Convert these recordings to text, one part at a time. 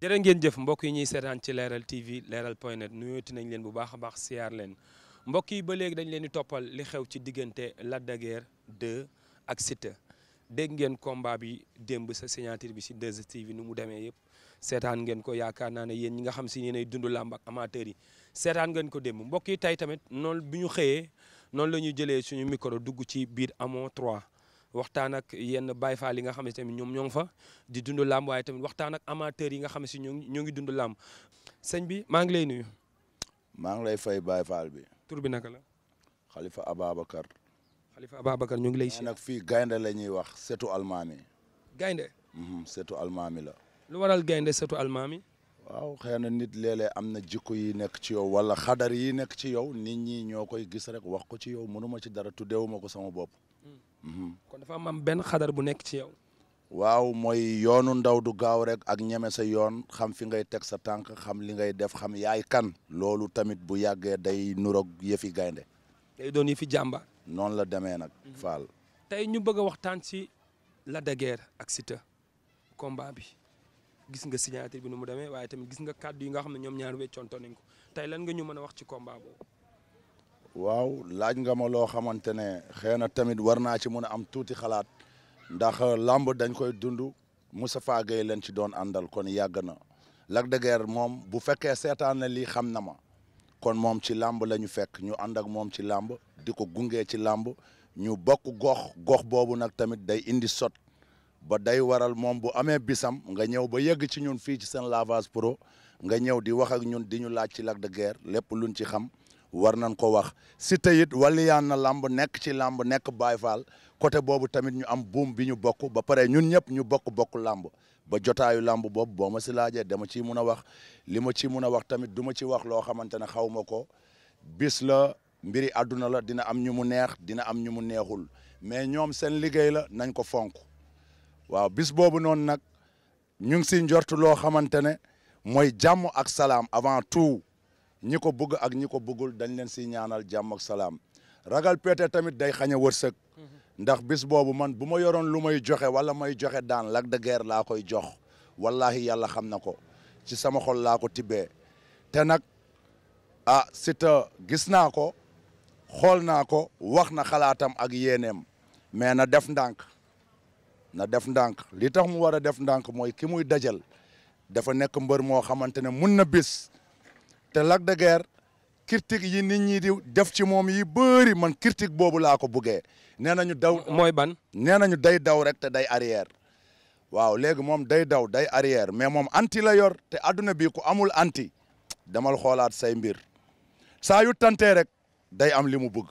jërë ngeen jëf mbokk yi ñuy seetaan ci leeral TV leeral point net nuyooti nañ leen bu baax a baax siyaar leen mbokk yi ba léegi dañ leen di toppal li xew ci diggante Lac de Guiers ak Siteu dégg ngeen combat bi démb sa signature bi si 2STV nu mu demee yëpp seetaan ngeen ko yaakaar naa ne yéen ñi nga xam si yéenay dundu làmb ak amateurs yi seetaan ngeen ko démb mbokk yi tey tamit noonu bu ñu xëyee noonu la ñuy jëlee suñu micro dugg ci biir amoo 3 waxtaan ak yenn Baye Fall yi nga xam ne tamit ñoom ñoo ngi fa di dundu làmb waaye tamit waxtaan ak amateurs yi nga xam si ñoo ngi ñoo ngi dund làmb sëñ bi maa ngi lay nuyu. maa ngi lay fay Baye Fall bi. tur bi naka la. Khalifa Ababacar. Khalifa Ababacar ñu ngi lay. si nag fii gaynde la ñuy wax setu almaami. gaynde. Mhm, setu almaami la. lu waral gaynde setu almaami. waaw xëy na nit léeg am na jikko yi nekk ci yow wala xadar yi nekk ci yow nit ñi ñoo koy gis rek wax ko ci yow mënuma ci dara tuddewuma ko sama bopp. Hmm. Mhm. kon dafa am benn xadar bu nekk ci yow. waaw mooy yoonu ndaw du gaaw rek ak ñeme sa yoon xam fi ngay teg sa tànk xam li ngay def xam yaay kan. loolu tamit bu yàggee day nuroog yëfi gaynde. day doon fi jàmba noonu la demee nag. Mhm. Fall tey ñu bëgg a waxtaan ci la de Guiers ak Siteu combat bi gis nga signature bi nu mu demee waaye tamit gis nga kàddu yi nga xam ne ñoom ñaar weccoonto nañ ko tey lan nga ñu mën a wax ci combat boobu. waaw laaj nga ma loo xamante ne xëy na tamit war naa ci mën a am tuuti xalaat ndax euh, lamb dañ koy dundu Moustapha Gueye leen ci doon àndal kon yàgg na Lac de moom bu fekkee seetaan na lii xam na ma kon moom ci lamb lañu ñu fekk ñu ànd ak moom ci lamb di ko gungee ci làmb ñu bokk gox gox boobu nag tamit day indi sot ba day waral moom bu amee bisam nga ñëw ba yegg ci ñun fii ci seen lavage pro nga ñëw di wax ak ñun di ñu laaj ci Lac de Guiers lépp luñ ci xam war nañ ko wax si teyit waliyaan na làmb nekk ci làmb nekk Baay Faal côté boobu tamit ñu am buum bi ñu bokk ba pare ñun ñëpp ñu bokk bokk làmb ba jotaayu làmb boobu boo ma si laajee dama ciy mun a wax li ma ciy mun a wax tamit du ma ci wax loo xamante ne xaw ma ko mbiri àdduna la dina am ñu mu neex dina am ñu mu neexul mais ñoom seen liggéey la nañ ko fonk waaw bis boobu noonu nag ñu ngi si njort loo xamante ne mooy jàmm ak salaam avant tout ñi ko bëgg ak ñi ko bëggul dañ leen si ñaanal jàmm ak salaam ragal peete tamit day xañ a ndax bis boobu man bu ma yoroon lu may joxe wala may joxe daan Lac de Guiers laa koy jox wallahi yàlla xam na ko ci sama xol laa ko tibe te nag ah Siteu gis naa ko xool naa ko wax na xalaatam ak yéeneem mais na def ndànk na def ndànk li tax mu war a def ndànk mooy ki muy dajal dafa nekk mbër moo xamante ne mun na bis te Lac de Guiers critique yi nit ñi di def ci moom yi bëri man critique boobu laa ko buggee nee nañu daw. mooy ban nee nañu day daw rek te day arrière. waaw léegi moom day daw day arrière mais moom anti la yor te adduna bi ku amul anti demal xoolaat say mbir saa yu tantee rek. day am li mu bëgg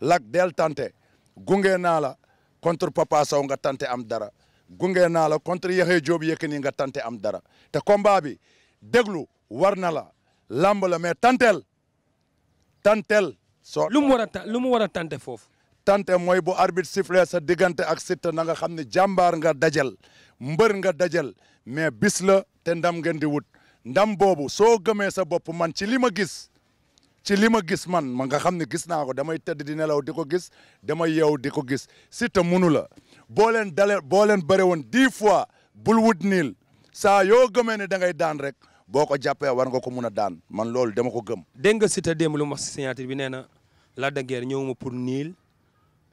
Lac del tante gunge naa la contre Papa Sow nga tante am dara gunge naa la contre Yaxya Joob Yékini nga tante am dara te combat bi déglu war na la lamb la mais tantel tanteel soo lu mu war a lu mu war a tante foofu tante mooy bu arbitre sifflé sa diggante ak Siteu na nga xam ne jàmbaar nga dajal mbër nga dajal mais bis la te ndam ngeen di wut ndam boobu soo gëmee sa bopp man ci li ma gis ci li ma gis man ma nga xam ne gis naa ko damay tëdd di nelaw di ko gis damay yeew di ko gis Siteu munu la boo leen dale boo leen bëre woon dix fois bul wut niil saa yoo gëmee ne da ngay daan rek boo ko jàppee war nga ko mun a daan man loolu dama ko gëm. dégg nga Siteu démb lu ma wax si signature bi nee na Lac de Guiers ñëwuma pour niil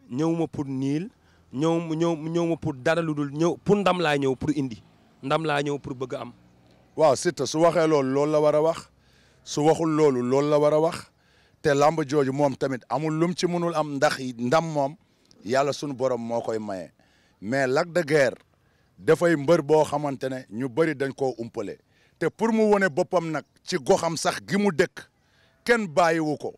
ñëwuma pour niil ñëw ñëw pour dara lu dul ñëw pour ndam laa ñëw pour indi ndam laa ñëw pour bëgg am. waaw Siteu su waxee loolu loolu la war a wax. su waxul loolu loolu la war a wax te làmb jooju moom tamit amul lum ci mënul am ndax ndam moom yàlla sunu borom moo koy maye mais Lac de Guiers dafay mbër boo xamante ne ñu bëri dañ koo umpale te pour mu wone boppam nag ci goxam sax gi mu dëkk kenn bàyyiwu ko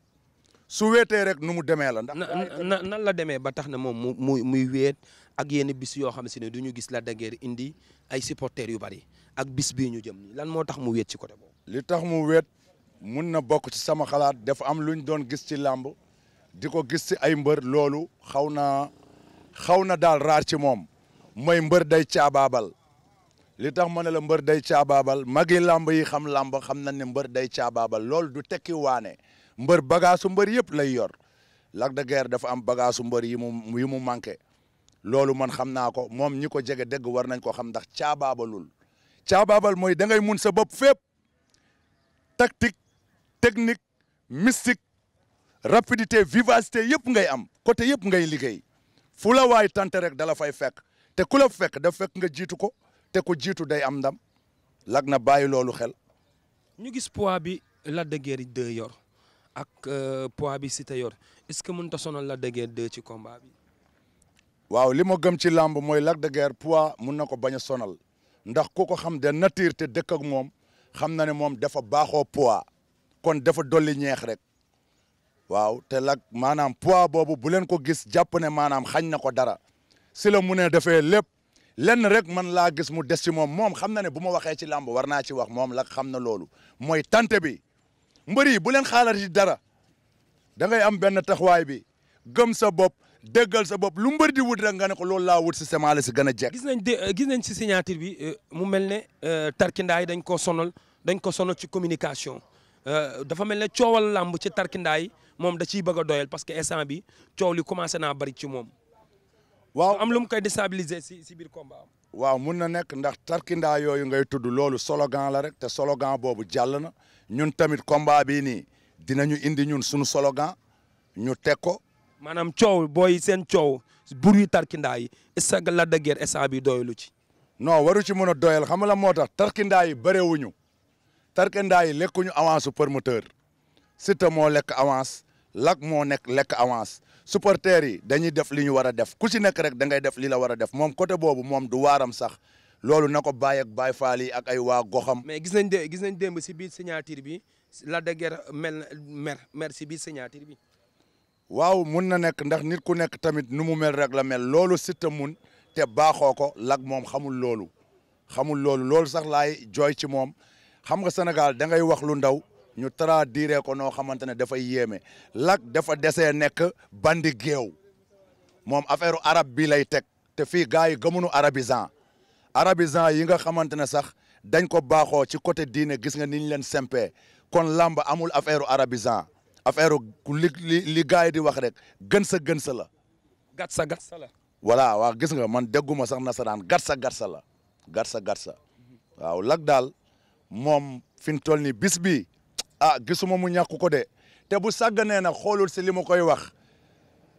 su weetee rek nu mu demee la. ndax na nan la demee ba tax na moom mu muy muy weet ak yenn bis yoo xam si ne du ñu gis Lac de Guiers indi ay supporters yu bari ak bis bii ñu jëm nii lan moo tax mu weet ci côté boobu. li mun na bokk ci sama xalaat dafa am lu ñu doon gis ci làmb di ko gis ci ay mbër loolu xaw na xaw na daal raar ci moom moy mbër day caabaabal li tax ma ne la mbër day caabaabal magi làmb yi xam làmb xam na ne mbër day caabaabal loolu du tekki waane mbër bagaasu mbër yëpp lay yor Lac de Guiers dafa am bagaasu mbër yi mu yi loolu man xam naa ko moom ñi ko jege dégg war nañ ko xam ndax caabaabalul caababal mooy da ngay mun sa bopp fépp technique mystique rapidité vivacité yëpp ngay am côté yëpp ngay liggéey fu la waay tante rek dala fay fekk te ku la fekk da fekk nga jiitu ko te ku jiitu day am ndam lag na bàyyi loolu xel. ñu gis poids bi Lac de Guiers 2 yor ak euh, poids bi si Siteu yor est-ce que mën ta sonal Lac de Guiers 2 ci combat bi. waaw li ma gëm ci làmb mooy Lac de Guiers poids mun na ko bañ a sonal ndax ku ko xam de nature te dëkk ak moom xam na ne moom defa baaxoo poids. kon dafa dolli ñeex rek waaw te lag maanaam poids boobu bu leen ko gis jàpp ne maanaam xañ na ko dara si la mu ne defee lépp lenn rek man laa gis mu des ci moom moom xam na ne bu ma waxee ci làmb war naa ci wax moom lag xam na loolu mooy tante bi mbër yi bu leen xaalar dara dangay am benn taxawaay bi gëm sa bopp déggal sa bopp lu mbari di wut rek nga ne ko loolu laa wut si semence la si gën a jekk. gis nañ gis nañ si signature bi euh, mu mel ne euh, tarkindaa yi dañ ko sonal dañ ko sonal ci communication. Euh, dafa mel ne coowal làmb ci tarkindaay moom da ciy bëgg a doyal parce que instant bi coow li commencé naa bari ci moom. waaw am lu mu koy déstabiliser si si biir combat waaw mun na nekk ndax tarkindaa yooyu ngay tudd loolu slogan la rek te slogan boobu jàll na ñun tamit combat bii nii dinañu indi ñun suñu slogan ñu teg ko. maanaam coow booy seen coow bur yu tarkindaa yi est-ce que Lac bi doyalu ci. non waru ci mën a doyal xam la moo tax tarkindaa yi bëree wuñu tarkandaa yi lekkuñu avance promoteur Siteu moo lekk avance Lac moo nekk lekk avance supporters yi dañuy def li ñu war a def ku si nekk rek da ngay def li la war a def moom côté boobu moom du waaram sax loolu na ko bàyyi ak Baye Fall ak ay wa goxam. mais gis nañ dé gis nañ démb si biir signature bi la de mel mer mer si biir signature bi. waaw mun na nekk ndax nit ku nekk tamit nu mu mel rek la mel loolu Siteu mun te baaxoo ko lak moom xamul loolu xamul loolu loolu sax laay jooy ci moom. xam nga Sénégal da ngay wax lu ndaw ñu traduire ko noo xamante ne dafay yéeme Lac dafa desee nekk bandi géew moom affaire arab bi lay teg te fii gars yi gëmuñu arabisant arabisant yi nga xamante ne sax dañ ko baaxoo ci côté diine gis nga niñ ñu leen sempee kon làmb amul affaire arabisant affaire li li li yi di wax rek gën sa gën la. gat sa gat sa la. voilà waaw gis nga man dégguma sax nasaraan gat sa la gat sa gat sa mhm. daal. moom fi mu toll nii bis bi ah gisuma mu ñàkk ko de te bu sàgganee nag xoolul si li ma koy wax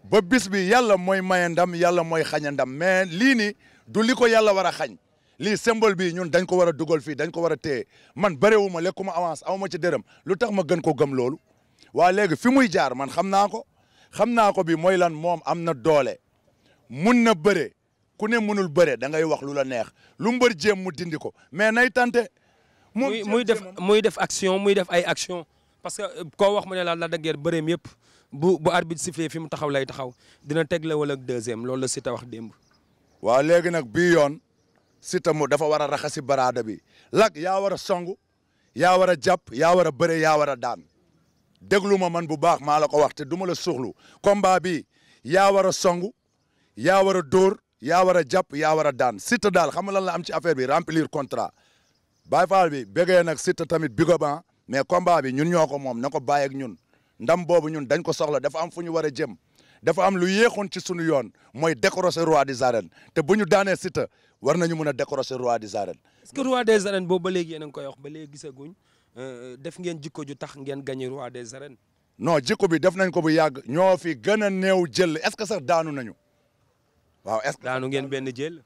ba bis bi yàlla mooy maye ndam yàlla mooy xaña ndam mais lii ni du li ko yàlla war a xañ lii symbole bi ñun dañ ko war a dugal fii dañ ko war a téye man bëreewu ma lekkuma avance aw ma ci dërëm lu tax ma gën ko gëm loolu waa léegi fi muy jaar man xam naa ko xam naa ko bi mooy lan moom am na doole mun na bëre ku ne munul bëre da ngay wax lu la neex lu mbër jéem mu dindi ko mais muy muy def muy def action muy def ay action parce que euh, ko wax mu ne la la daggeer bëreem yëpp bu bu arbitre sifflé fi mu taxaw lay taxaw dina teg la wala deuxième loolu la Siteu wax démb. waaw léegi nag bii yoon Siteu mu dafa war a raxasi baraada bi lak yaa war a song yaa war a jàpp yaa war a bëre yaa war a daan déglu ma man bu baax maa la ko wax te du ma la suuxlu combat bi yaa war a song yaa war a dóor yaa war a jàpp yaa war a daan Siteu daal xam nga lan la am ci affaire bi remplir contrat. Baye Fall bi bëggee nag Siteu tamit bigoban ah, mais combat bi ñun ñoo ko moom na ko bàyyi ak ñun ndam boobu ñun dañ ko soxla dafa am fu ñu war a jëm dafa am lu yéexoon ci suñu yoon mooy décrocher roi des arènes te bu ñu daanee Siteu war nañu mun a décrocher roi des arènes. est que roi des arènes boobu ba léegi yéen ko ngi koy wax ba léegi gisaguñ euh, euh, def ngeen jikko ju tax ngeen gagné roi des arènes. non jikko bi def nañ ko bu yàgg ñoo fi gën a néew jël est-ce que sax daanu nañu waaw est-ce daanu ngeen benn jël.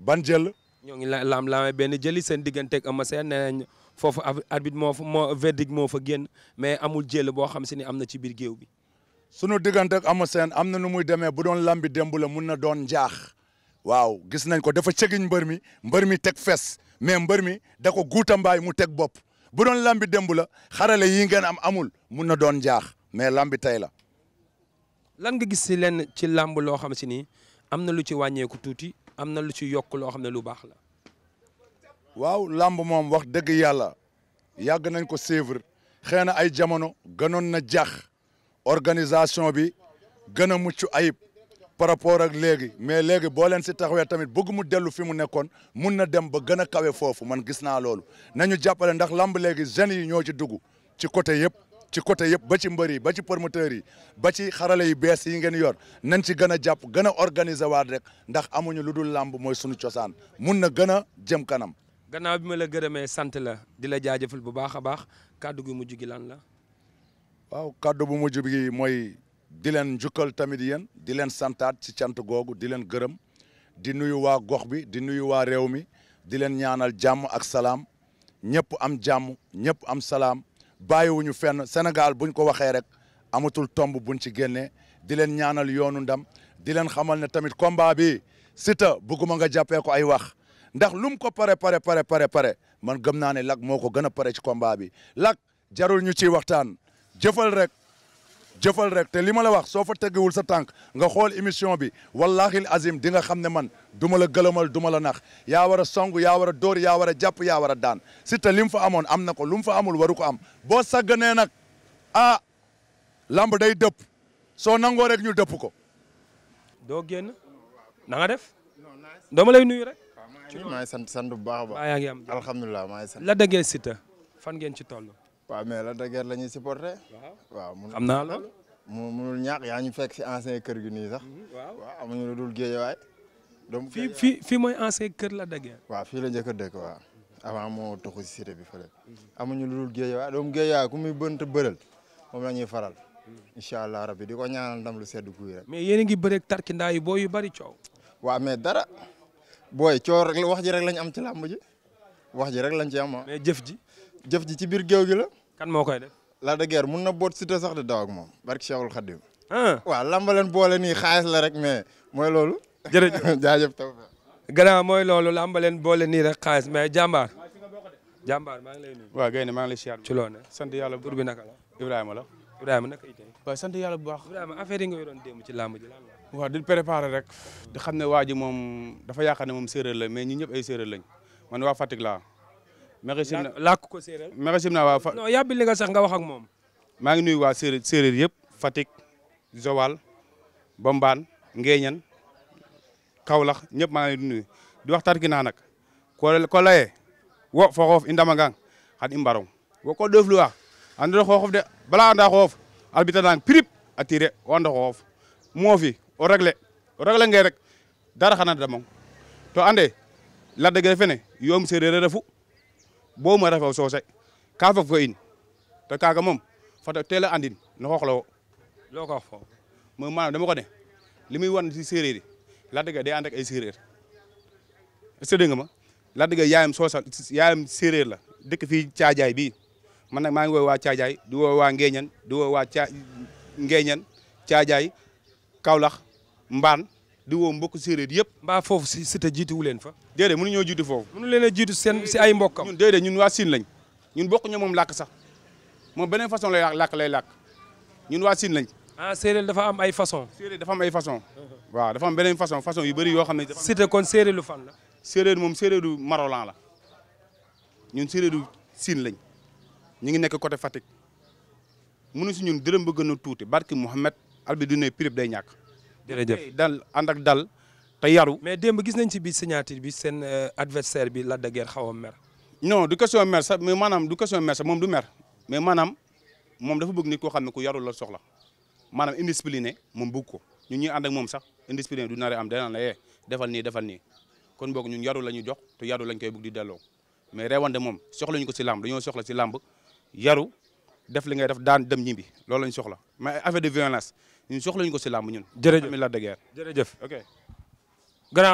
ban jël. ñoo ngi la benn jëli seen digganteeg Eumeu Sène foofu arbitre moo fa moo verdict moo fa génn mais amul jël boo xam si ni am na ci biir géew bi. sunu digganteeg Eumeu Sène am na nu muy demee bu doon lambi démb la mun na doon jaax. waaw gis nañ ko dafa cegiñ mbër mi mbër mi teg fes mais mbër mi da ko guutambaay mu teg bopp bu doon lambi démb la xarale yi ngeen am amul mun na doon jaax mais lambi tey la. lan nga gis si lenn ci làmb loo xam si ni am na lu ci wàññeeku tuuti am na lu ci yokk loo xam ne lu baax la. waaw làmb moom wax dëgg yàlla yàgg nañ ko suivre xëy na ay jamono gënoon na jax organisation bi gën a mucc ayib par rapport ak léegi mais léegi boo leen si taxawee tamit bëgg mu dellu fi mu nekkoon mun na dem ba gën a kawe foofu man gis naa loolu nañu jàppale ndax làmb léegi jeunes yi ñoo ci dugg ci côté yëpp ci côté yëpp ba ci mbër yi ba ci promoteurs yi ba ci xarale yu bees yi ngeen yor nañ ci gën a jàpp gën a organiser waat rek ndax amuñu lu dul làmb mooy sunu cosaan mun na gën a jëm kanam. gannaaw bi ma la gërëmee sant la di la jaajëfal bu baax a baax kàddu gu mujj gi lan la. waaw kàddu bu mujj gi mooy di leen njukkal tamit yéen di leen santaat ci cant googu di leen gërëm di nuyu waa gox bi di nuyu waa réew mi di leen ñaanal jàmm ak salaam ñëpp am jàmm ñëpp am salaam. bàyyiwuñu fenn Sénégal buñ ko waxee rek amatul tomb buñ ci génnee di leen ñaanal yoonu ndam di leen xamal ne tamit combat bi Siteu bëgguma nga jàppee ko ay wax ndax lu ko pare pare pare pare pare man gëm naa ne Lac moo ko gën a pare ci combat bi Lac jarul ñu ci waxtaan jëfal rek. jëfal rek te li ma la wax soo fa teggiwul sa tànk nga xool émission bi wallaahi azim di nga xam ne man du ma la gëlëmal du la nax yaa war a song yaa war a dóor yaa war a jàpp yaa war a daan si te li mu fa amoon am na ko lu mu fa amul waru ko am boo sagganee nag ah lamb day dëpp soo nangoo rek ñu dëpp ko. doo génn na def dama lay nuyu rek. maa ngi sant sant bu baax a baax. maa la déggee Siteu fan ngeen ci toll. waaw mais la de Guiers la ñuy supporter. waaw mun xam naa loolu. mu munul yaa ñu fekk si ancien kër gi nii sax. Mhm, waaw amuñu lu dul géejawaay. donc fii fii fii mooy ancien kër Lac de waaw fii la njëkk a dëkk waaw. avant moo toxu bi fële. Mhm. amuñu lu dul géejawaay donc géejawaay ku muy bënt bëral moom la ñuy faral. Mhm. incha allah rabbi di ko ñaanal ndam lu sedd guy rek. mais yéen a ngi bëreeg tarkindaa yi booy yu bari coow. waa mais dara booy coow rek wax ji rek lañ am ci làmb ji wax ji rek lañ ci am ah. mais jëf ji. jëf ji ci biir géew gi la. kan moo koy def. la de mun na boot si sax di daw ak moom. barki Cheikhul Khadim. Ah. waaw lamba leen boole nii xaalis la rek mais mooy loolu. jërëjëf jaajëf taw. gannaaw mooy loolu lamba leen boole nii rek xaalis mais jàmbaar. jàmbaar maa ngi lay nuyu. waaw maa ngi lay siyaar. ci loolu sant yàlla tur bi naka la. Ibrahima la. Ibrahima naka itee. waa sant yàlla bu baax. Ibrahima affaire yi nga doon démb ci làmb ji lan la. waaw di préparer rek. di xam ne waa ji moom dafa yaakaar ne moom séeréer la mais ñun ñëpp ay séeréer lañ man waa Fatick laa maxey simna làkk ko séeréer maxey simna nga sax nga moom maa ngi nuyu waa séeréer séeréer yëpp Fatick Joal Bombaan Ngeeñan Kaolack ñëpp maa ngi nuyu di wax tarkina ko laye wo fo xoof i ndamagang xan i mbarong wo ko ɗoofluwa andiro xooxof de bala anda xooxof albitanang prip a tire o anda xooxof moofi o regle o regle nge rek xana damong to ande la dëgg yoom séeréer refu boo mo refe o ka fof fo in to kaga moom fata teel a andin no xoox lawo loo ko wax fo mo maanaam dama ne li muy wan si séeréer yi Lac de Guiers day ànd ak ay séeréer est nga ma Lac de yaayam soosa yaayam séeréer la dëkk fi caajaay bi man nag maa ngi woowu waa caajaay di woowu waa ngeeñan di woowu waa caa ngeeñan caajaay Kaolack Mbaan di woo mbokk séeréer yëpp mbaa foofu si Siteu jiituwu leen fa déedéet mënu ñoo jiitu foofu mënu leen a jiitu si ay mbokkam ñun déedéet ñun waa Sine lañ ñun bokk ñoo moom làkk sax moom beneen façon lay lakk lay làkk ñun waa Sine lañ ah séeréer dafa am ay façon séeréer dafa am ay façon waaw dafa am beneen façon façon yu bëri yoo xam ne Siteu kon séeréer fan la séeréer moom séeréeru Marolan la ñun séeréeru Sine lañ ñu ngi nekk côté Fatick mënu si ñun dërëm bëgg na tuuti barki Mouhamed albi du ne prib day ñàkk jërëjëf dal ànd ak dal te yaru. mais demb gis nañ ci biir signature bi seen euh, adversaire bi la de xaw a mer. non du question mer sax mais maanaam du question mer moom du mer mais maanaam moom dafa bëgg nit koo xam ne ku yarul la maanaam indiscipliné moom bëgg ko ñun ñuy ànd moom sax indiscipliné du nare am danaan la eh, defal nii defal nii kon boog ñun yaru la ñu jox te yaru lañ koy bëgg di delloo mais reewante moom soxlañu ko si làmb dañoo soxla si làmb yaru def li ngay def daan dem ñibbi loolu lañ soxla mais affaire de violence ñun soxla ñu ko si làmb ñun. jërëjëf mi la dëgër jërëjëf. ok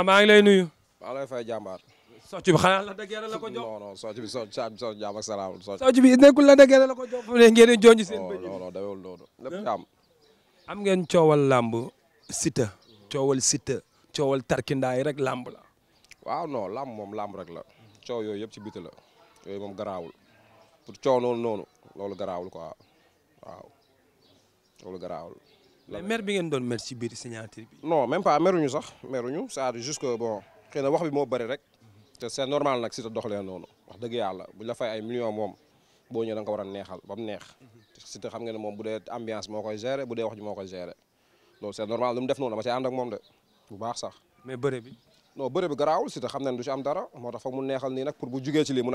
maa ngi lay nuyu. maa lay fay jàmbaar. socc bi xanaa la dëgër la ko jox non non socc bi socc socc jàmm socc bi nekkul la dëgër la ko jox fu ne ngeen di jonj seen bëj. non non dawul loolu lépp am. am ngeen coowal làmb Siteu. coowal Siteu coowal tarkindaa yi rek làmb la. waaw non làmb moom lamb rek la. coow yooyu yëpp ci biti la yooyu moom garaawul pour coow noonu noonu loolu garaawul quoi waaw garaawul. mais maire bi ngeen doon maire ci biir signature bi. non même pas meruñu sax meruñu cest à que bon xëy na wax bi moo bëri rek c'est normal nag si te doxalee noonu wax dëgg yàlla bu la fay ay millions moom boo ñëwee da nga ba mu neex mhm. si te xam nga moom bu dee ambiance moo koy bu dee wax ji moo koy gérer loolu c'est baax sax. mais bëre bi. non bëre bi garaawul si te xam nañ du ci am dara moo tax foog mu neexal nag a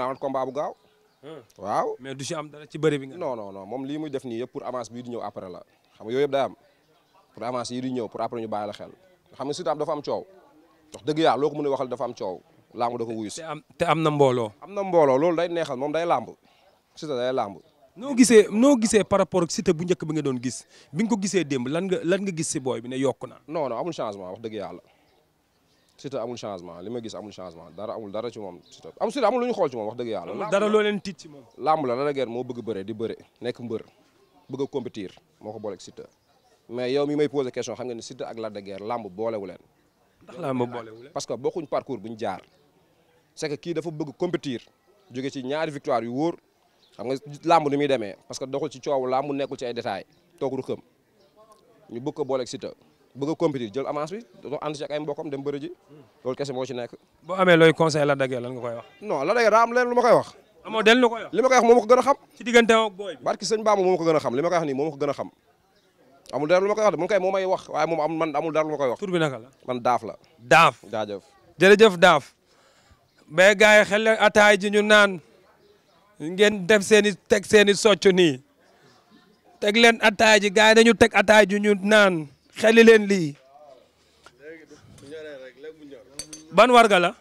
amat combat hmm. moom lii muy def nii yëpp pour avance bii di ñëw après la xam nga yëpp day pour avance yi di ñëw pour après ñu bàyyi la xel xam nga Siteu am dafa am coow wax dëgg yàlla loo a waxal dafa am coow làmb da ko wuyu am na mbooloo. am na mbooloo loolu day neexal moom day làmb Siteu day làmb. noo gisee noo gisee par rapport ak Siteu bu bi nga doon gis bi nga ko gisee démb lan lan nga gis si booy bi ne yokk na. non non wax dëgg yàlla Siteu amul changement li ma gis amul changement dara amul dara ci moom am Siteu amul lu ñu xool ci yàlla. amul dara loo leen tiit ci moom. làmb la la moo bëgg bëre di bëre nekk mbër bëgg a moo ko booleeg Siteu mais yow mi may posé question xam nga ni Siteu ak Lac de Guiers làmb boolewu leen. parce que bokkuñ parcours bu ñu jaar. c'est que kii dafa bëgg compétir jóge ci ñaari victoire yu wóor xam nga làmb ni muy demee parce que doxul ci coow làmb nekkul ci ay détails toog ruxam ñu bëgg ko booleeg Siteu bëgg a compétir jël avance bi doo ànd ci ak ay mbokkam dem bëri loolu kese moo ci nekk. boo amee looy conseil Lac de Guiers nga koy wax. non la de Guiers daa am leen wax. amoo dellu ko wax li ma a a xam li ma koy wax a xam amul dara lu ma koy moom kay wax waaye moom am man amul dara lu ma koy wax. tur bi naka man Daaf la. Daaf jaajëf. jërëjëf Daaf. mais gars yi xel leen ji ñu naan ngeen def seen teg seeni i nii teg leen ataay ji gars yi teg ataay ji ñu naan xeli leen lii. ban warga la.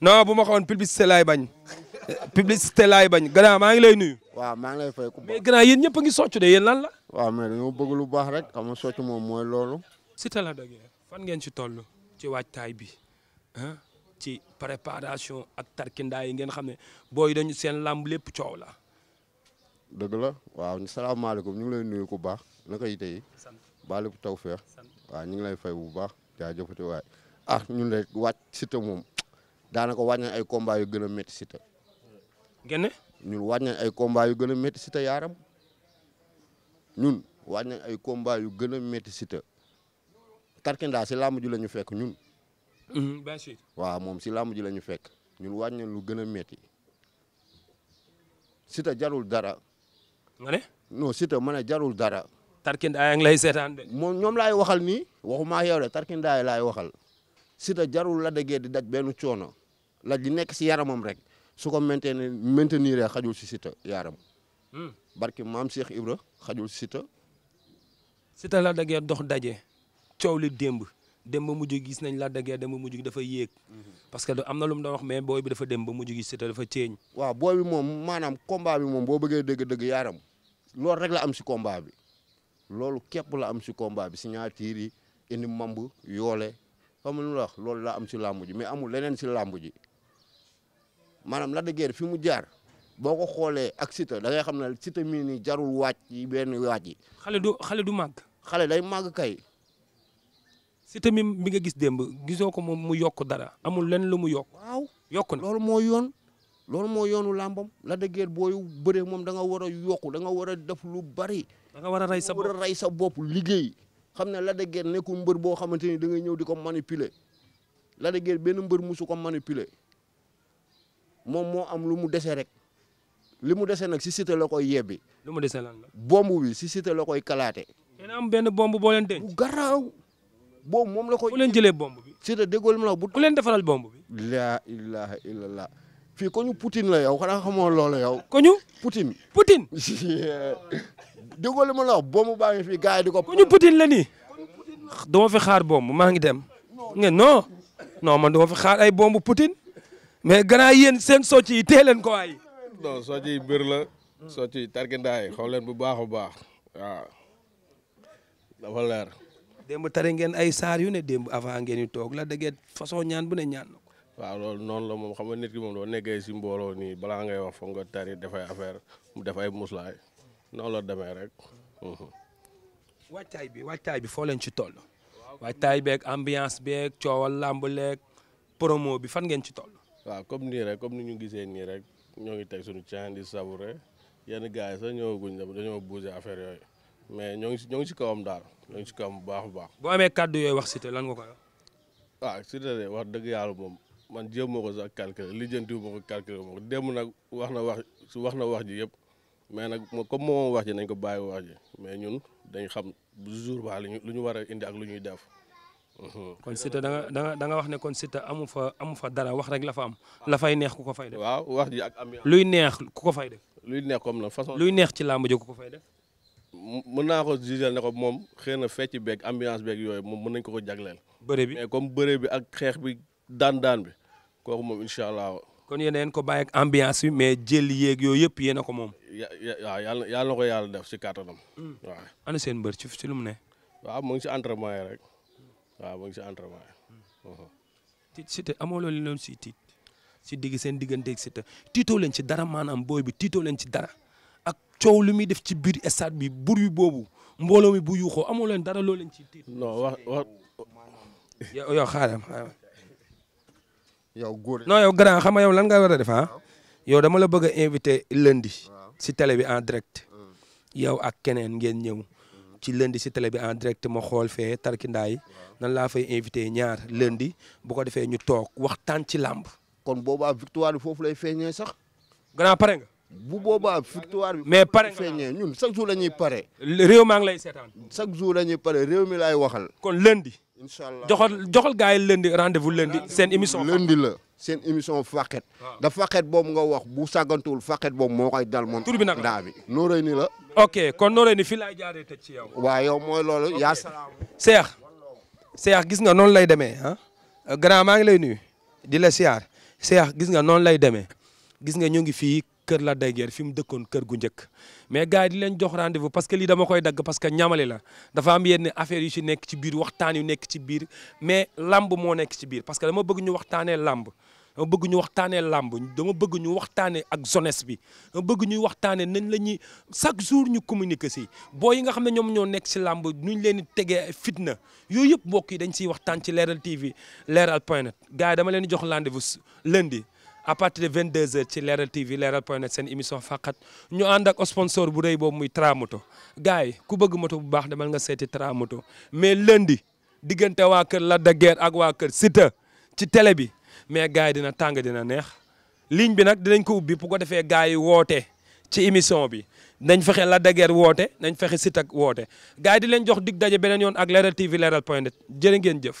non bu ma xawoon publicité laay bañ. publicité laay bañ gannaaw maa ngi lay nuyu. waaw maa ngi lay fay ku baax mais gannaaw yéen ñëpp a ngi socc de lan la. waaw mais dañoo bëgg lu baax rek am nga socc moom mooy loolu. si te la dëgg fan ngeen ci toll ci waajtaay bi ci préparation ak tarkindaa yi ngeen xam ne booy dañu seen làmb lépp coow la. dëgg la waaw salaamaaleykum ñu ngi lay nuyu ku baax naka yi tey baale bu taw feex waaw ñu ngi lay fay bu baax jaajëfati waay ah ñun de wàcc Siteu moom daanaka wàññi ay combat yu gën a métti Siteu ngeen ne ñun waaj nañ ay combat yu gën a métti Siteu yaaram ñun waaj nañ ay combat yu gën a métti Siteu tarkindaa si làmb ji la ñu fekk ñun. Mhm, bien waaw moom si làmb ji la fekk ñun waaj lu gën a métti Siteu jarul dara. nga ne non Siteu a jarul dara. tarkindaa ngi lay seetaan de. moom ñoom laay waxal nii waxuma yow de tarkindaa laay waxal Siteu jarul la dëggee di daj benn coono la di nekk si yaramam rek. su ko maintenir maintenir xajul si Siteu yaaram. Hmm. barki maam Cheikh Ibra xajul si Siteu. Siteu Lac de Guiers dox daje coow li demb dem ba mujj gis nañ Lac de dem ba mujj gi dafa yéeg. Mhm. parce que am na lu mu doon wax mais booy bi dafa dem ba mujj gi Siteu dafa ceeñ. waaw booy bi moom maanaam combat bi moom boo bëggee dëgg-dëgg yaaram loolu rek la am si combat bi loolu képp la am si combat bi si ñaar tiir yi indi mamb yoole xam nga lu wax loolu laa am si làmb ji mais amul leneen si làmb ji. maanaam Lac de Guiers fi mu jaar boo ko xoolee ak Siteu da ngay xam ne Siteu mii nii jarul waaj yi benn waaj yi. xale du xale du màgg. xale day màgg kay. Siteu mi bi nga gis démb gisoo ko moom mu yokk dara amul lenn lu mu yokk. waaw yokk na loolu moo yoon. loolu moo yoonu làmbam Lac de Guiers booy moom da nga war a yokku da nga war a def lu bari. da nga war a rey sa bopp war a rey sa bopp liggéey. xam ne Lac de Guiers nekkul mbër boo xamante ni da ngay ñëw di ko manipuler Lac de benn mbër musu ko manipuler. moom moo am lu mu dese rek li mu dese nag si Siteu loko koy yebbi. lu mu dese lan la. bomb bi si Siteu loko koy kalaate. dina am benn bomb boo leen denc. bu garaaw boobu moom la koy. bu leen jëlee bomb bi. Siteu déggoo li ma bu. leen defaral bomb bi. fii ko ñu Poutine la yow xanaa xamoo loolu yow. ko ñu Poutine. Poutine. déggoo ma la wax bomb baa ngi fi gars yi di ko. ko ñu Poutine la nii. dama fi xaar bomb maa ngi dem. nga non non man dama fi xaar ay bomb Poutine. mais gannaaw yéen seen socc yi tee leen ko waay. non socc yi biir la. socc yi tarkindaa yi leen bu baax a baax waaw dafa leer. démb tare ngeen ay saar yu ne demb avant ngeen yi toog la dëgg façon ñaan bu ne ñaan na ko. waaw loolu noonu la moom xam nga nit ki moom doo ne si mbooloo nii balaa ngay wax foog nga tari dafay affaire mu def ay muslaay noonu la demee rek. Mhm. waajtaay bi waajtaay bi foo leen ci toll. waajtaay beeg ambiance beeg coowal làmb leeg promo bi fangeen ci toll. waaw comme nii rek comme ni ñu gisee nii rek ñoo ngi teg suñu caan di savourer yenn gars yi sax ñëwaguñ dañoo bouger affaire yooyu mais ñoo ngi si ñoo si kawam daal ñoo ngi si kawam bu baax bu baax. boo amee kàddu yooyu wax Siteu lan nga ko wax. waaw wax dëgg yàlla moom man jéem ma ko sax calculer lijjantiw ma ko calculer ma nag wax na wax su wax na wax ji yëpp mais nag comme moom wax ji nañ ko bàyyi wax ji mais ñun dañ xam jour baax lu ñu lu ñu war a indi ak lu ñuy def. Mhm. kon Siteu da da nga nga wax ne kon Siteu amu fa amu fa dara wax rek la fa am. la fay neex ku ko fay de waaw wax ji ak luy neex ku ko fay def. luy neex comme façon. luy neex ci làmb ji ku ko fay def. mën naa ko gisal ne ko moom xëy na fecc beeg ambiance beeg yooyu moom mën nañu ko ko jagleel. bëre bi comme bëre bi ak xeex bi daan daan bi kooku moom incha allah. kon yéen a ko bàyyi ak ambiance bi mais jël yeeg yooyu yëpp yéen ko moom. ya yàlla yàlla na ko yàlla def si kattanam. Mm. waaw seen mbër ci ci lu mu ne. waaw mu si entre yi rek. waaw mu ngi si entraînement yi. Hmm. Uh-huh. Siteu amoo loolu si tiit si digg seen digganteeg Siteu tiitoo leen si dara maanaam booy bi tiitoo leen ci dara ak coow lu muy def ci biir stade bi bur yu boobu mbooloo mi bu yuuxoo amoo leen dara loo leen ci tiit. non wax wax. yow yow xaaral xaaral. yow góor non yow grand xam nga yow lan nga war a def ah? yow dama la bëgg a invité lundi. si télé bi en direct. Hmm. yow ak keneen ngeen ñëw. ci lundi si télé bi en direct ma xool fee tarkindaa yi nan laa fay invité ñaar lundi bu ko defee ñu toog waxtaan ci làmb kon booba victoire bi foofu lay feeñee sax. ganaa pare nga. bu boobaa victoire bi. mais pare feeñee ñun chaque jour la ñuy pare. réew maa ngi lay seetaan. chaque jour la ñuy pare réew mi laay waxal. kon lundi. incha allah joxal joxal gars yi lundi rendez-vous lundi seen émission. lundi la seen émission fàqet. Ah. da fàqet boobu nga wax bu sàggantuwul fàqet boobu moo koy dal moom. tur bi nag daa bi nooree ni la. ok kon nooree ni fii laay jaaree tëj ci yow. waaye yow mooy loolu yaa. Cheikh Cheikh gis nga noonu lay demee ah. grand maa ngi lay nuyu. di la siyaar Cheikh gis nga noonu lay demee. gis nga ñu ngi fii. kër la daygeer fi mu dëkkoon kër gu njëkk mais gars yi di leen jox rendez-vous parce que lii dama koy dagg parce que ñamale la dafa am yenn affaire yu ci nekk ci biir waxtaan yu nekk ci biir mais lamb moo nekk ci biir parce que dama bëgg ñu waxtaanee lamb dama bëgg ñu waxtaanee lamb dama bëgg ñu waxtaanee ak jeunesse bi dama bëgg ñuy waxtaanee nañ la ñuy chaque jour ñu communiquer si boo yi nga xam ne ñoom ñoo nekk si lamb nuñ leen di tegee fitna yooyu yëpp mbokk yi dañ siy waxtaan ci leeral TV leeral point net gars yi dama leen jox rendez-vous lundi à partir de 22h ci Leral TV Leral point net seen émission faqat ñu ànd ak sponsor bu réy boobu muy Tramoto gars yi ku bëgg moto bu baax demal nga seeti Tramoto mais lundi diggante waa kër la de ak waa kër Siteu ci télé bi mais gars yi dina tàng dina neex ligne bi nag dinañ ko ubbi bu ko defee gars yi woote ci émission bi dañ fexe la de woote dañ fexe Siteu ak woote gars di leen jox dig daje beneen yoon ak Leral TV Leral point net jërë ngeen jëf.